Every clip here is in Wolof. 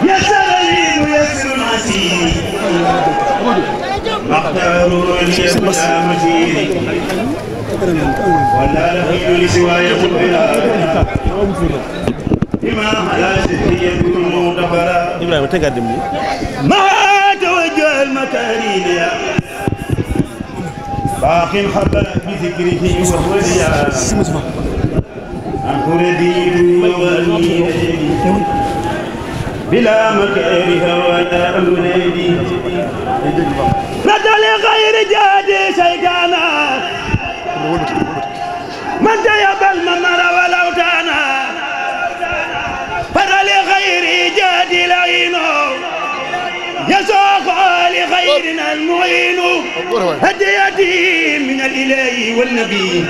يسر لي ميسر العسير مختار ليبقى مسيري ولا لهم لسواي قلبها بما على سحرية مغتفرة إبراهيم تقدم لي ما توجه المكارين باق حبل بذكره والرجال أن ترديد يوم الميلاد بلا مكاره ولا أولادي رد لغير جادي شيطانا من جيب الممر ولو كان فر لغير جادي لعين يسوق لغيرنا المعين هديتي من الإله والنبي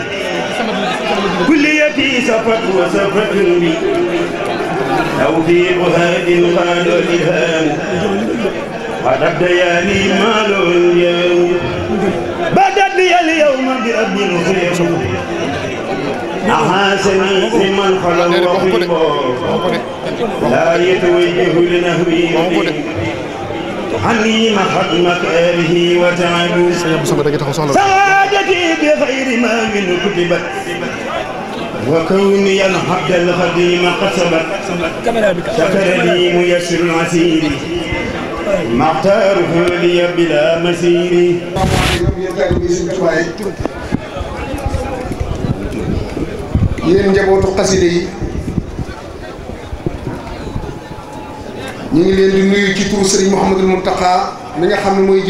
كل يدي سفت وسفت المي أو في عهاد قال الإهام وقد دياني مال اليوم بدت لي اليوم بأب الخير أحاسني لمن خلوا وخيبا لا يتوجه لنهوي عني محمد آله وتعالى سعادتي بغير ما من كتبت وكون الحق القديم قد ثبت شكر لي ميسر العسير مختاره لي بلا مسير yéen njabootu xaside yi ñu ngi leen di nuyu ci turu sëriñ Mouhamadul Mountakha mi xam ne mooy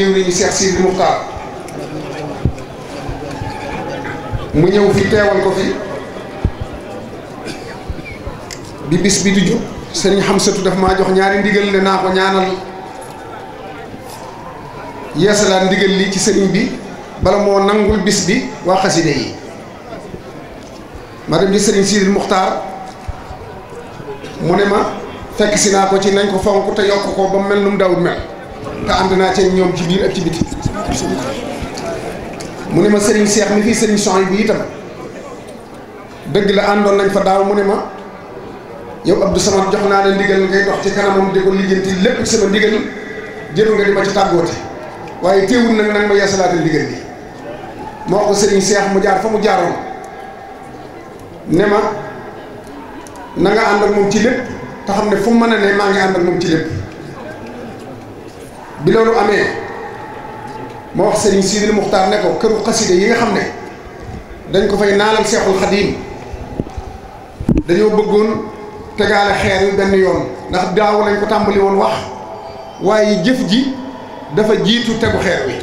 mu ñëw fi teewal ko bi bis bi di jub sëriñ Xamsatu dafa ma jox ñaari ndigal ne naa ko ñaanal yeesalaat ndigal li ci sëriñ bi bala moo nangul bis bi waa xaside yi ma dem ci sëriñ Sidil Muxtaar mu ne ma fekk naa ko ci nañ ko fonk te yokk ko ba mu mel nu mu mel te ànd naa ci ñoom ci biir ak ci biti mu ne ma sëriñ Seex mi fii sëriñ Soxna bi itam dëgg la àndoon nañ fa daaw mu ne ma yow Abdou Samad jox naa la ndigal ngay dox ci kanamam di ko liggéenti lépp ci sama ndigal jëru nga di ma ci tàggoote waaye teewul nag nag ma yeesalaatal ndigal bi moo ko sëriñ Seex mu jaar fa mu jaaroon ne ma nanga nga ànd ak moom ci lépp te xam ne fu mën a ne maa ngi ànd ci lépp loolu amee ma wax sëriñ Sidil Muxtaar ne ko këru xasida yi nga xam ne dañ ko fay naalal Seexul Xadiim dañoo bëggoon tegaale xeer yi benn yoon ndax daaw lañ ko tàmbali woon wax waaye jëf ji dafa jiitu tegu xeer wi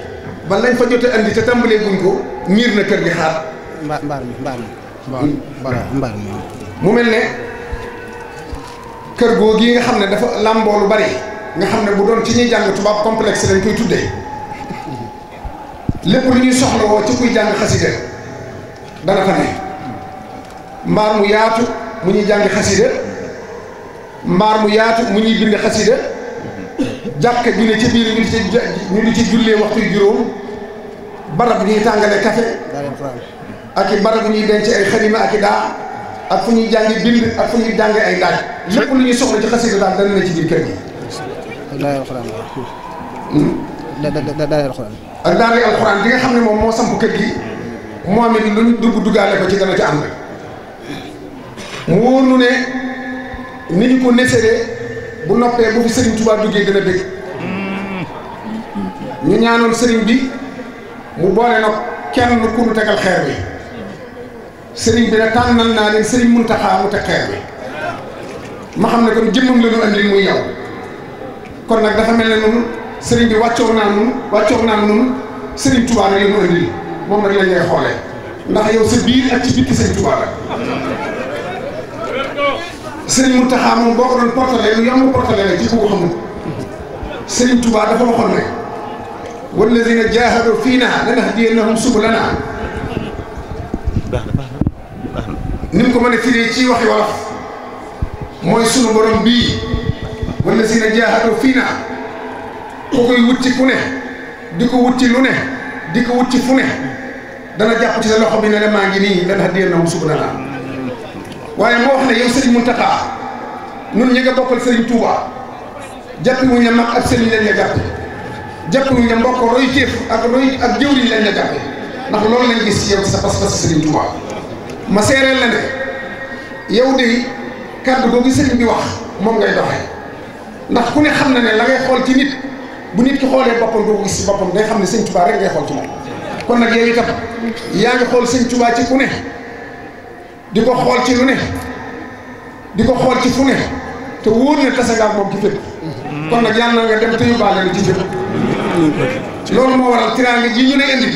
ba lañ fa jote andi te tàmbalee guñ ko miir na kër gi xaar mi mbaar mbaar mi mu mel ne kër goo gii nga xam ne dafa làmboo lu bari nga xam ne bu doon ci ñuy jàng tubaab complexe lañ koy tudde lépp lu ñuy soxla woo ci kuy jàng xasida dana fa ne mu yaatu mu ñuy jàng xasida mbaar mu yaat mu ñuy bind xasida jàkka ju ne ca biir ñu di ci ñu di ci jullee waxtu juróom barab ñuy tàngale kafe ak i barab ñuy denc ay xalima ak i daa ak fu ñuy jàngi bind ak fu ñuy jàngi ay daaj lépp lu ñuy soxla ci xasida daal dana ne ci biir kër gi daal hmm? alxuraan ak daal di alxuraan di nga xam ne moom moo samp kër gi moom it lu dugg duggaale ko ci dana ci ànd mu wóor ni ñu ko neseree bu noppee bu fi Serigne Touba duggee gën a dégg ñu ñaanoon Serigne bi mu boole nag kenn ku nu tegal xeer bi Serigne bi na ne tànnal naa leen mun Mountakha mu teg xeer bi ma xam ne kon jëmmam la ñu andi muy yow kon nag dafa mel ne noonu Serigne bi wàccoo naa noonu wàccoo naa noonu Serigne Touba nag la ñu moom rek la ñuy xoolee ndax yow sa biir ak ci bitti Serigne Touba la. sëriñ Mountakha moom boo ko doon portalee lu yomb portalee la ci ku ko xamul sëriñ Touba dafa waxoon ne walladina jaahadu fiina lanahdiyannahum subulana ni mu ko mën a firee ci waxi wolof mooy sunu borom bii walladina jaahadu fiina ku koy wut ci ku di ko wut ci lu di ko wut ci fu ne dana jàpp ci sa loxo bi ne la maa ngi nii lanahdiyannahum waaye moo wax ne yow Serigne Mountakha nun ñi nga bokkal Serigne Touba jàpp wuñ ne mag ak Serigne lañ la jàpp wuñ ne mbokk roy téef ak roy ak jëwriñ lañ la jàppe ndax loolu lañ gis yow sa pas-pas Serigne Touba ma seereel la ne yow de kàddu googu Serigne bi wax moom ngay doxee ndax ku ne xam na ne la ngay xool ci nit bu nit ki xoolee boppam doo ko gis ci boppam day xam ne Serigne Touba rek ngay xool ci moom kon nag yow itam yaa ngi xool Serigne Touba ci ku ne. di ko xool ci lu ne di ko xool ci fu ne te wóor na tase nga ak moom ci fépp kon nag yàlla na nga dem te yóbbaale na ci fépp loolu moo waral tiraanga ji ñu ne indi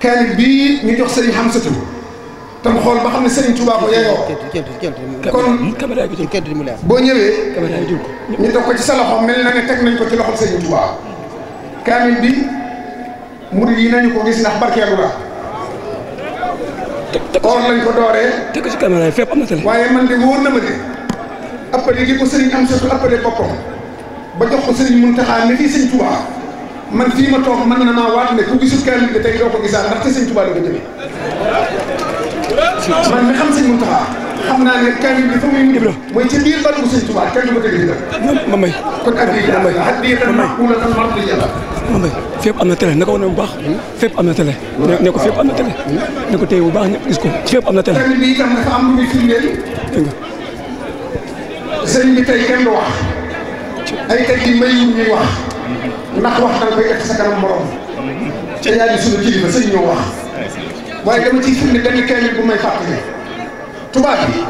kaamil bii ñu jox sëriñ Hamsatu tam xool ba xam ne sëriñ Tuubaa ko yeyoo kon boo ñëwee ñu def ko ci sa loxo mel na ne teg nañ ko ci loxol sëriñ Tuubaa kaamil bi murid yi nañu ko gis ndax barkeelu la or lañ ko dooree. teg ko ci caméra na télé. waaye man de wóor na ma de appale gi ko sëriñ am ba jox ko sëriñ Muntaxa ne fii sëñ Tuubaa man fii ma toog mën na maa waat ne ku gisul kaamil bi tey doo ko gisaat ndaxte sëñ Tuubaa la ko jëmee man mi xam sëñ Muntaxa xam naa ne kaamil bi fa muy ibra mooy ci biir barbu sëñ Tuubaa kenn du ko tëgg di ma may kon addi ma may addi ma may ku la tan war di yàlla ma may fépp am na télé na ko wane bu baax fépp am na télé ne ko fépp am na télé ne ko téye bu baax ñëpp gis ko fépp am na télé kaamil bi itam dafa am lu muy firndeel dégg nga sëñ bi tey kenn du wax ay tey yi mayu ñuy wax ndax wax danga koy egg sa kanam morom ca ñaari sunu kilifa sëñ ñoo wax waaye dama ciy firnde benn kaamil bu may fàttali tubaab bi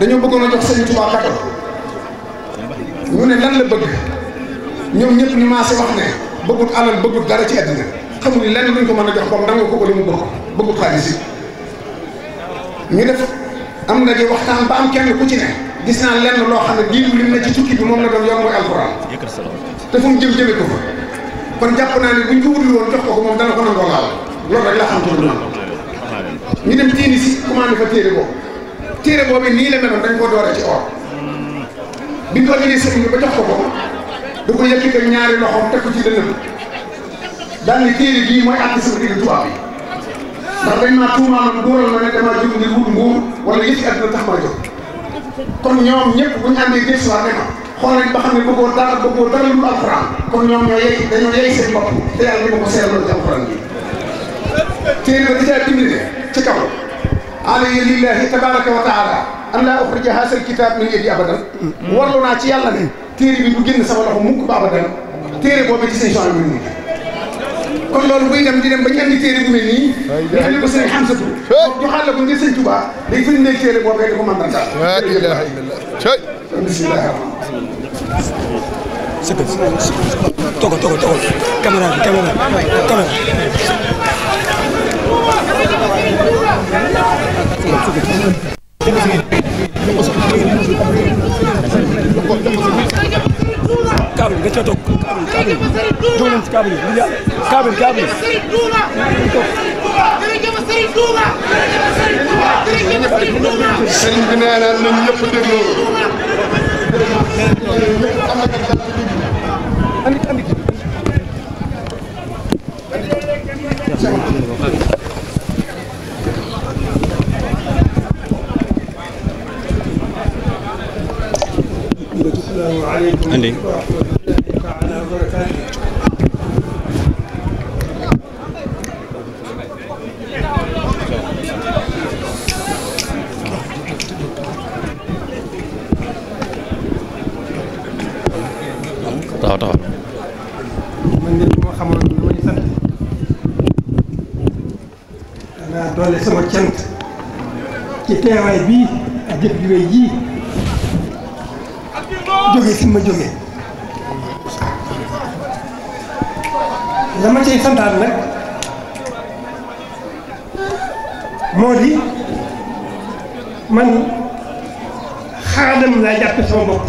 dañoo bëggoon a jox sëñ Tuubaa kado ñu ne lan la bëgg ñoom ñëpp ñu maase wax ne bëggut alal bëggut dara ci àddina xamul ni lenn luñ ko mën a jox comme nangu ko ko li yi def am na di waxtaan ba am kenn ku ci ne gis naa lenn loo xam ne diiru lim na ci tukki bi moom la doon yor mooy te fu mu jëm jëme ko fa kon jàpp naa ne buñ ko wutul woon jox ko ko moom dana ko nangoo laal loolu rek laa xam te loolu ñu dem tiini si commandé fa téere boobu téere boobu nii la meloon dañ ko doore ci or bi ñu ko indi sëñ bi ba jox ko ko da ko yëkki ko ñaari loxoom teg ko ci dënn bi daal ni téere bii mooy ànd sama digg tubaab yi ndax dañ maa tuumaaloon dóoral ma ne damaa jóg ngir wut nguur tax ma jóg kon ñoom ñëpp bu ñu àndee gëstu waat ne ma xool ba xam ne bëggoo dara bëggoo dara lu alxuraan kon ñoom ñoo yey dañoo yey seen bopp te yàlla ñu ko ko seetloo ci alxuraan bi téere ba da caa dimbali ci kaw alayya lillahi tabaraka wa taala an laa uxrija kitaab min yadi abadan warlu naa ci yàlla ne téere bi du génn sama loxo mukk ba abadan téere boobu ci sëñ di dem ba ñu andi téere bu mel nii ñu andi ko sëñ Xamsatu joxaat la ko ngir sëñ Tuubaa day firi ne téere boobu di ko mandantaal laa ilaaha illallaah bismillaahi kaabil nga ca toog kaabil jóg leen ci kaabil yi kaabil kaabil sëriñ bi nee na nañ ñëpp dégloo andi taxaw man de ma xamoon lu ma ñu sant danaa doole sama cant ci teewaay bii ak jëf ju jii jóge fi ma jóge la ma cay santaat nag moo di man xaadam laa jàppe sama bopp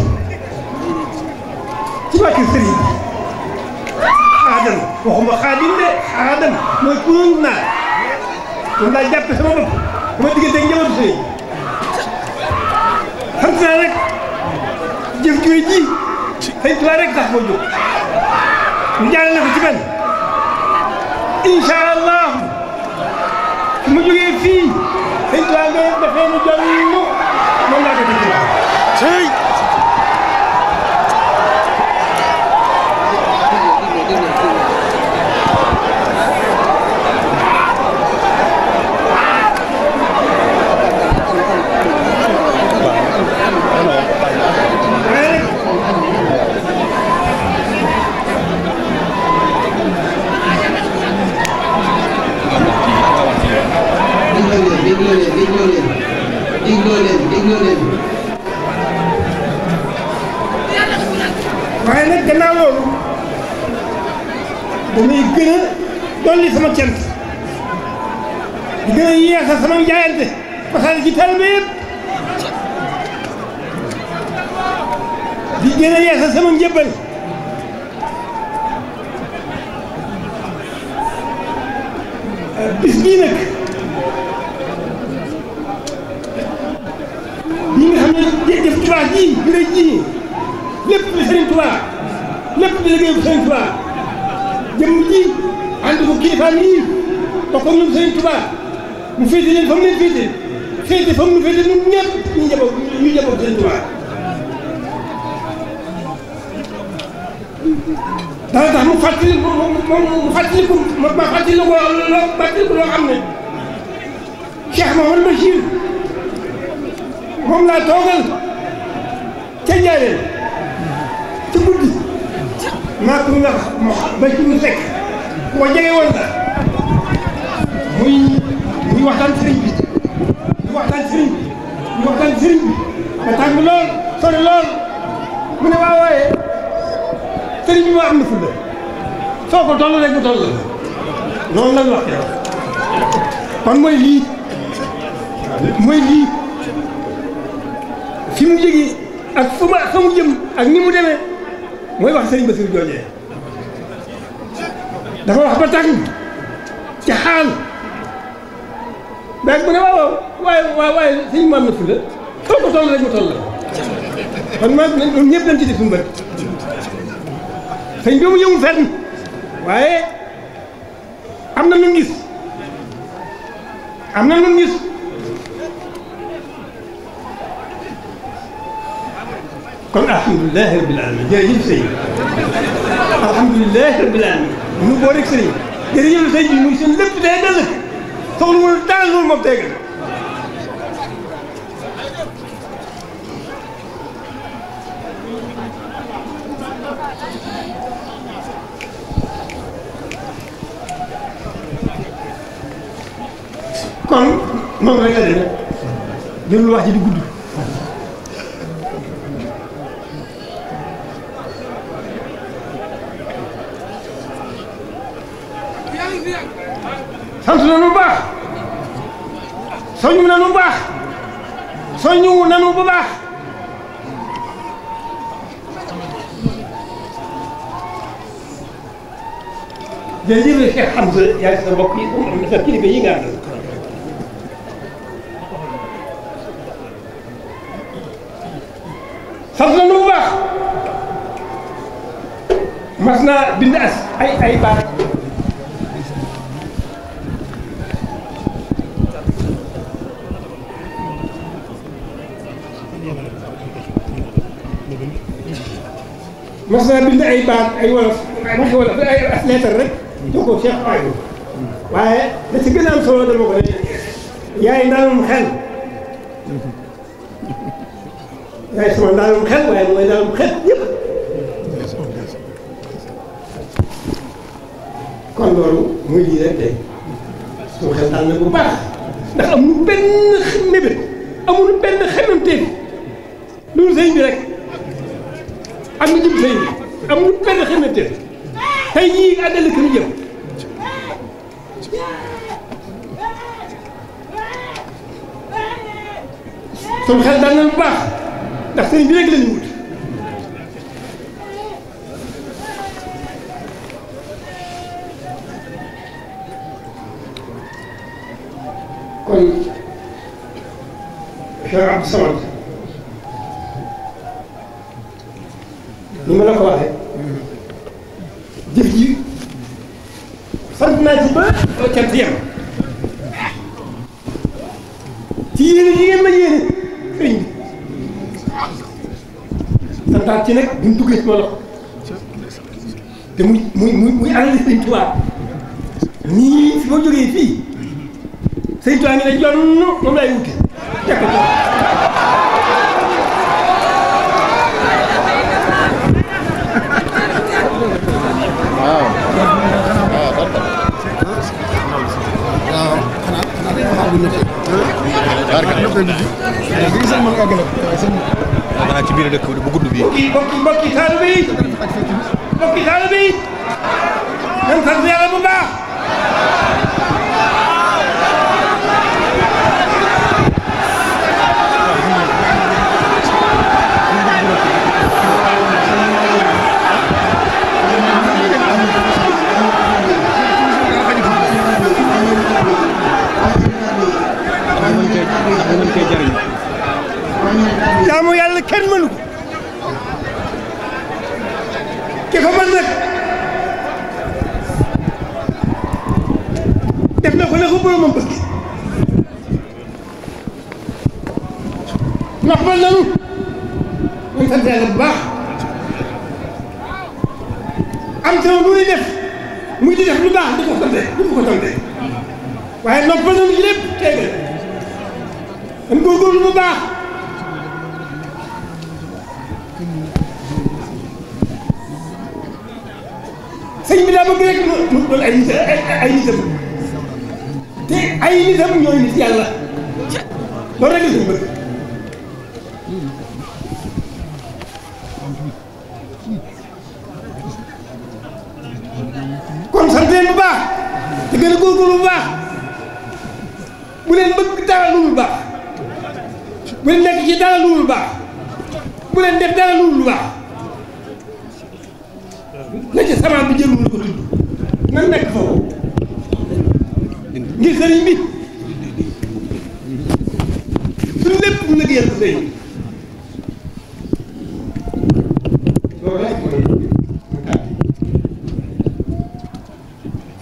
ci bàkki sëriñ bi xaadam waxuma xaadim de xaadam mooy kunoon naa moom laa jàppe sama bopp sama diggante ak njabootu sëriñ sant naa rek jëf jooy ji sëñ Tuubaa rek tax moo jóg ñu jàllale ko ci benn incha allah dégloo leen dégloo leen. waaye nag gannaaw dolli sama cant di gën a yeesal sama jaayante masal ci taalibe yëpp di gën a yeesal sama njëbbal bis ñi nga xam ne jëf Touba ji ju rëy ji lépp li Serigne Touba lépp li liggéey bu Serigne Touba jëmm ji ànd ko kilifaam yi ba comme ñoom Serigne Touba mu féete leen fa mu leen féete féete fa mu féete ñun ñëpp ñu jaboo ñu jaboo Serigne Touba dana tax mu fàttali mu fàttali ko ma fàttali ko loo fàttali ko loo xam ne Cheikh Mouhamadou Bachir moom laa toogal ca njaareem ci guddi maa ko nga ba ci mu fekk ku ko la muy muy waxtaan sëriñ bi muy waxtaan sëriñ bi muy waxtaan bi lool sori lool mu ne waaye sëriñ bi ma am na fulla soo ko toll rek mu toll la loolu la ñu kon mooy lii mooy lii fi mu jógee ak fa mu jëm ak ni mu demee mooy wax sëriñ Basiru joojee dafa wax ba tàng ci xaal mais bu ne waaw waaye waaye waaye sëriñ maam na fu la ko toll rek mu toll kon man ñun ñëpp dañ ci def suñu bët sëñ bi mu yëngu waaye am na lu mu gis am na mu gis. kon alhamdulilah rabil alamin jërëjëf sëñ alhamdulilah rabil alamin ñu boo rek sëñ jërëjëf sëñ bi muy seen lépp day dal soxla mu daal loolu moom day gën kon noonu rek la demee jëlul wax ji di gudd soñu nanu bu baax soñu nanu bu baax jërëjëf Cheikh Hamza yaa ngi sa mbokk yi sa kilifa yi nga àndal sant nañu bu baax mas naa bind as ay ay baat mos naa waaye da ci gën a am solo dama ko xel yaay sama ndaalum xel xel yëpp kon loolu muy lii rek tey sama xel daal na bu baax ndax amuñu benn mébét amuñu benn xemamteef loolu sëñ bi am na jëm fay amul benn xamante tey jii àddale ko ñu jëm suñu xel daan na bu baax ndax sëriñ bi rek lañu wut kon Cheikh Abdou Samad ni ma la ko waxee jëf ji sant naa ci ba cant yem ci yi ngeen ma yéene sëriñ bi santaat duggee ma loxo te muy muy muy muy alali sëriñ Tuubaa nii fi ma jógee fii sëriñ Tuubaa moom laay wuti tekk waaw ci biir dëkk bu gudd bi. mbokki mbokki taalibe yi. mbokki taalibe yi. nañ sant yàlla bu baax. ko boromam bëggee ndax man nanu man sant yàlla bu baax am tamit lu muy def muy di def lu baax di ko sante di ko sante waaye noppal nañu lépp tey dañ góorgóorlu bu baax sëñ bi daa bëgg rek mu doon ay nit ay nitam te ay nitam ñooy nit yàlla loolu rek la ñu bëgg kon sant bu baax te gën a góorgóorlu bu baax bu leen bëgg dara lu baax bu leen nekk ci dara lu baax bu leen def dara lu baax la ci sama bi jëlul ko tudd nga nekk foofu ngir sëriñ bi suñ lépp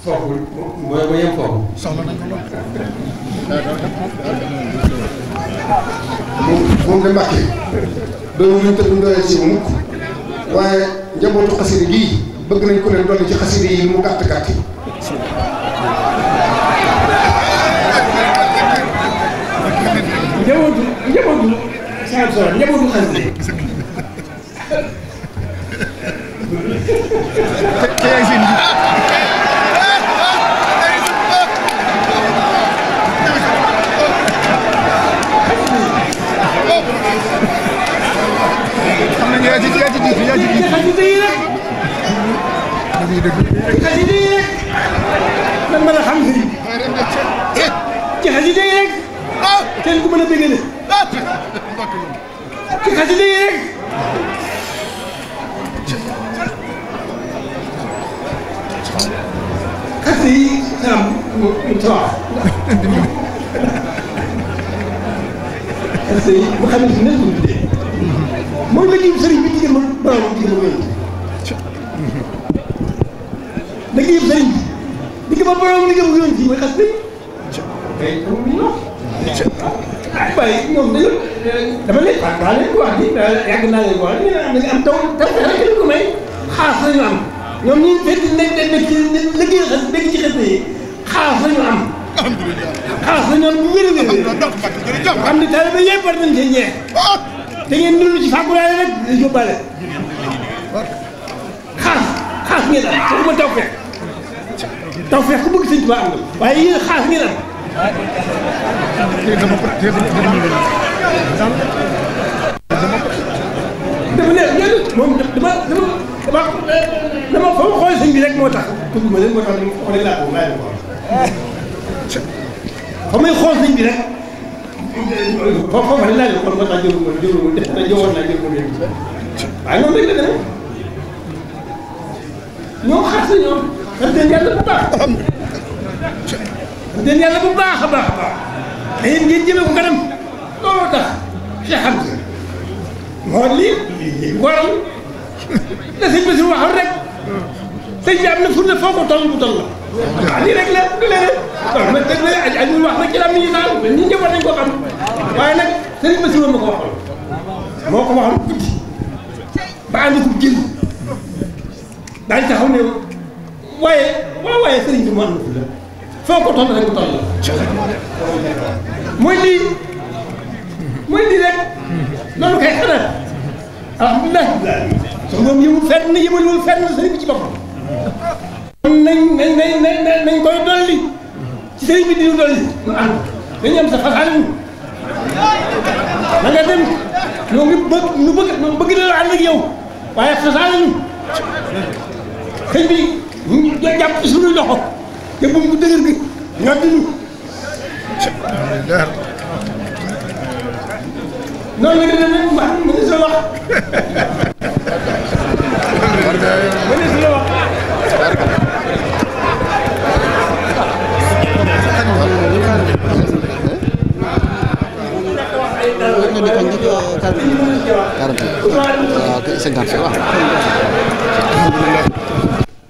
foofu mooy mooy yem foofu nañ ko moom doon ci mukk waaye bëgg nañ ko ne dolli ci xasida yi lu mu gàtt gàtt solo njabootu xasida ak sëriñ mu xam ne si nekk lu dee mooy liggéeyu sëriñ bi jigéen ma borom jigéen ma yonent liggéeyu sëriñ bi jigéen ma borom liggéeyu ma yonent mooy xas ah waaye ñoom dañu dama leen wax daa leen ko wax ni yàgg naa leen ko wax ñu ne am taw taw rek ko may xaas la ñu am ñoom ñu fekk nekk nekk ci liggéey xas nekk ci xas yi xaas la ñu am. alhamdulilah xaalis la ñoom bu wér a wér xam ne taalibe yëpp war nañ cee ñee da ngeen dund ci fàggulaale rek di yóbbaale xaalis xaalis ngeen am foog ma taw feex taw feex ku bëgg sëñ Tuubaa am waaye yéen xaalis ngeen am dafa ne yéen moom dama dama dama dama fa ma xool sëñ bi rek moo tax tudd ma leen moo tax dama xool laa ko ba may xool sëñ bi rek foofu laa xool ba tax jëlu ko jëlu ko def na jëwoon naa jël ko léegi waaye noonu rek la demee ñoom xar sa ñoom sant leen yàlla bu baax sant leen yàlla bu baax a baax a baax te yéen ngeen jëmee ko kanam looloo tax Cheikh Hamza moo lii lii waral la sëñ bi su waxal rek sëñ bi am na fur ne foo ko toll bu toll la waaw ah, lii rek la du leneen waaw nag dëgg la wax nag ci la am ñu naan mais ñun ñëpp nañ ko xam waaye nag sëriñ ma ko waxoon moo ko waxoon guddi ba ànd ko génn daañu taxaw ne waaye waaye sëriñ bi mu am la foo ko toll rek mu toll mooy lii mooy lii rek loolu kay xanaa alhamdulilah. soxna moom yëngu fenn yëngu fenn sëriñ bi ci boppam. kon nañ nañ nañ nañ nañ koy dolli ci sëriñ bi diñu dolli ñu ànd dañu am sa façon na nga dem ñoo ngi bëgg ñu bëgg ñu bëgg na la ànd ak yow waaye façon ñu sëñ bi ñu jàpp suñu loxo te bu mu dëgër gi ñoo dinu noonu la nga demee wax mënees la wax mënees la wax ñu nekk ñu nekk 40 40 waaw 50 waaw.